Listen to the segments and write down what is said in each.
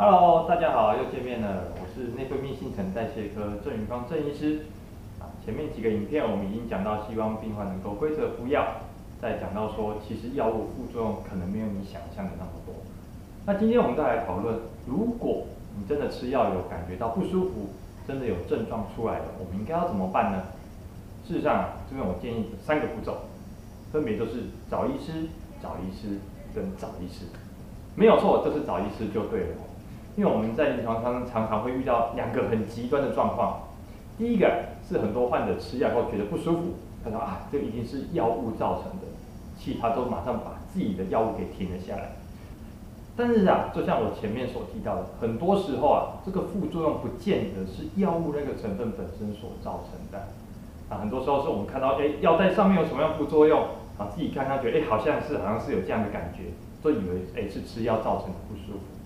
Hello，大家好，又見面了。我是內分泌新陳代謝科鄭畬方鄭醫師。啊，前面幾個影片我們已經講到，希望病患能夠規則服藥。再講到說，其實藥物副作用可能沒有你想象的那麼多。那今天我們再來討論，如果你真的吃藥有感覺到不舒服，真的有症狀出來了，我們應該要怎麼辦呢？事實上，這邊我建議三個步驟，分別就是找醫師、找醫師跟找醫師。沒有錯，就是找醫師就對了。因為我們在臨床上常常會遇到兩個很極端的狀況，第一個是很多患者吃藥後覺得不舒服，他說啊，這一定是藥物造成的，其他都馬上把自己的藥物給停了下來。但是啊，就像我前面所提到的，很多時候啊，這個副作用不見得是藥物那個成分本身所造成的，啊，很多時候是我們看到哎，藥袋上面有什麼樣副作用，啊，自己看看覺得哎、欸，好像是好像是有這樣的感覺，就以為哎、欸、是吃藥造成的不舒服。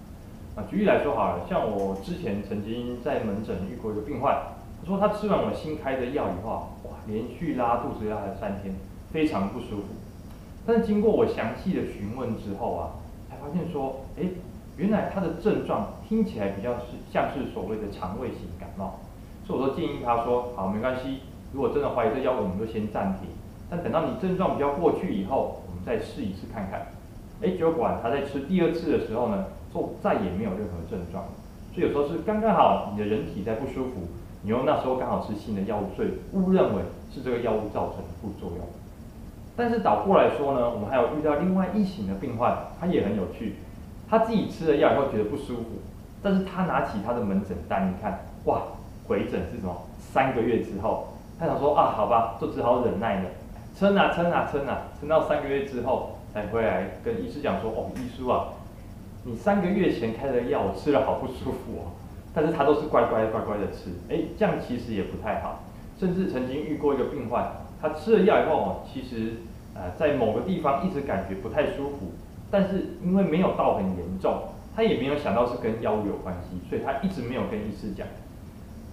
啊，舉例來說好了，像我之前曾經在門診遇過一個病患，他說他吃完我新開的藥以後，哇，連續拉肚子拉了三天，非常不舒服。但是經過我詳細的詢問之後啊，才發現說，哎、欸，原來他的症狀聽起來比較是像是所謂的腸胃型感冒，所以我說建議他說，好，沒關係，如果真的懷疑這藥物，我們就先暫停。但等到你症狀比較過去以後，我們再試一試看看。哎、欸，結果他在吃第二次的時候呢，就再也沒有任何症狀。所以有時候是剛剛好，你的人體在不舒服，你又那時候剛好吃新的藥物，所以誤認為是這個藥物造成的副作用。但是倒過來說呢，我們還有遇到另外一型的病患，他也很有趣，他自己吃了藥以後覺得不舒服，但是他拿起他的門診單，一看，哇，回診是什麼？三個月之後，他想說啊，好吧，就只好忍耐了，撐啊撐啊撐啊，撐、啊啊、到三個月之後。帶回來跟醫師講說：“哦，醫師啊，你三個月前開的藥我吃了好不舒服哦。”但是他都是乖乖乖乖的吃，哎、欸，這樣其實也不太好。甚至曾經遇過一個病患，他吃了藥以後哦，其實，呃，在某個地方一直感覺不太舒服，但是因為沒有到很嚴重，他也沒有想到是跟藥物有關係，所以他一直沒有跟醫師講。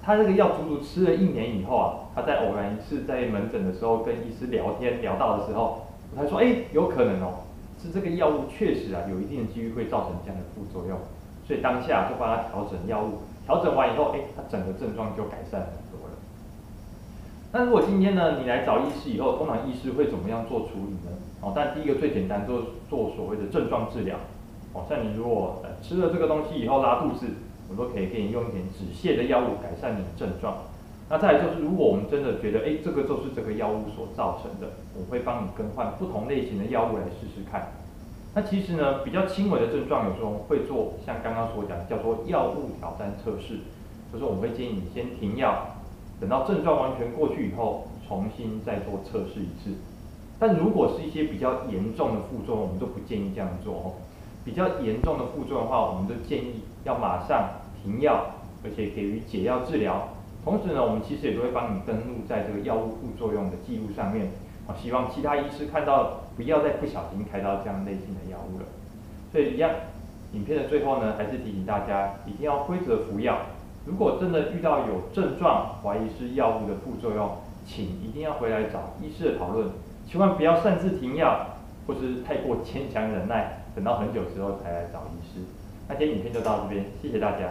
他這個藥足足吃了一年以後啊，他在偶然一次在門診的時候跟醫師聊天聊到的時候。他說：“哎，有可能哦，是這個藥物確實啊有一定的幾率會造成這樣的副作用，所以當下就幫他調整藥物，調整完以後，哎，他整個症狀就改善很多了。那如果今天呢，你來找醫師以後，通常醫師會怎麼樣做處理呢？哦，但第一個最簡單，做做所謂的症狀治療。哦，像你如果、呃、吃了這個東西以後拉肚子，我都可以給你用一點止瀉的藥物改善你的症狀。”那再來就是，如果我們真的覺得，哎、欸，這個就是這個藥物所造成的，我會幫你更換不同類型的藥物來試試看。那其實呢，比較輕微的症狀，有時候會做像剛剛所講的，叫做藥物挑戰測試，就是我們會建議你先停藥，等到症狀完全過去以後，重新再做測試一次。但如果是一些比較嚴重的副作用，我們都不建議這樣做哦。比較嚴重的副作用的話，我們都建議要馬上停藥，而且給予解藥治療。同時呢，我們其實也都會幫你登錄在這個藥物副作用的記錄上面，希望其他醫師看到，不要再不小心開到這樣類型的藥物了。所以，一樣，影片的最後呢，還是提醒大家，一定要規則服藥。如果真的遇到有症狀，懷疑是藥物的副作用，請一定要回來找醫師的討論，千萬不要擅自停藥，或是太過堅強忍耐，等到很久之後才來找醫師。那今天影片就到這邊，謝謝大家。